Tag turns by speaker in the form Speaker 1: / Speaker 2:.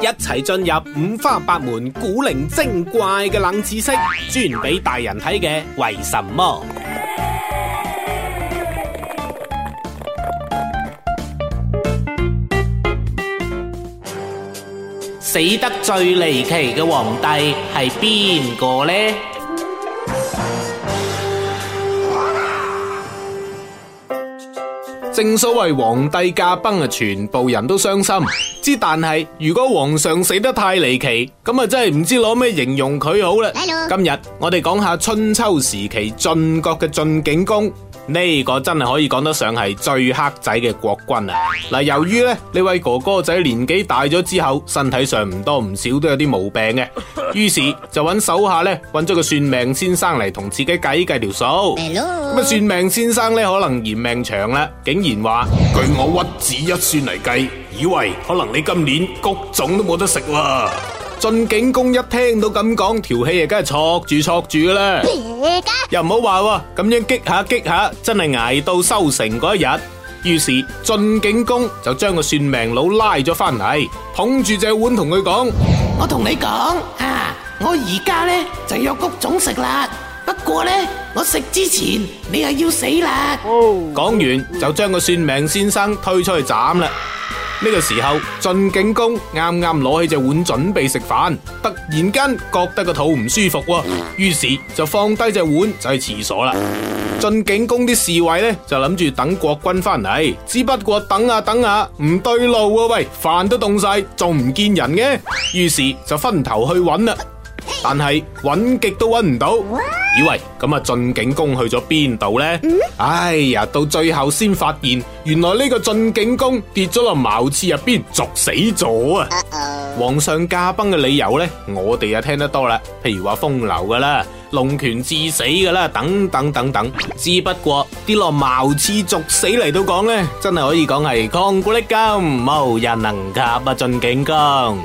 Speaker 1: 一齊進入五花八門古靈精怪嘅冷知識，專俾大人睇嘅，為什麼死得最離奇嘅皇帝係邊個呢？正所謂皇帝駕崩啊，全部人都傷心。之但係，如果皇上死得太離奇，咁啊真係唔知攞咩形容佢好啦。Hello. 今日我哋講下春秋時期晉國嘅晉景公。呢個真係可以講得上係最黑仔嘅國君啊！嗱、呃，由於咧呢位哥哥仔年紀大咗之後，身體上唔多唔少都有啲毛病嘅，於是就揾手下呢揾咗個算命先生嚟同自己計計條數。咁 Hello? 算命先生呢，可能嫌命長啦，竟然話：據我屈指一算嚟計，以為可能你今年谷種都冇得食啦。晉景公一聽到咁講，條氣啊，梗係戳住戳住啦！又唔好話喎，咁樣激下激下，真係挨到收成嗰一日。於是晉景公就將個算命佬拉咗翻嚟，捧住隻碗同佢講：我同你講啊，我而家呢就有谷種食啦。不過呢，我食之前，你係要死啦！講完就將個算命先生推出去斬啦。呢個時候，晉景公啱啱攞起隻碗準備食飯，突然間覺得個肚唔舒服，於是就放低隻碗就去廁所啦。晉景公啲侍衛呢，就諗住等國君翻嚟，只不過等下啊等下啊，唔對路啊，喂，飯都凍晒，仲唔見人嘅？於是就分頭去揾啦，但係揾極都揾唔到。以為咁啊，晉景公去咗邊度呢？嗯、哎呀，到最後先發現，原來呢個晉景公跌咗落茅廁入邊，逐死咗啊！Uh oh. 皇上駕崩嘅理由呢，我哋啊聽得多啦，譬如話風流噶啦，龍拳致死噶啦，等等等等，等，等。只不過跌落茅廁逐死嚟到講呢，真係可以講係抗古力金，冇人能及啊！晉景公。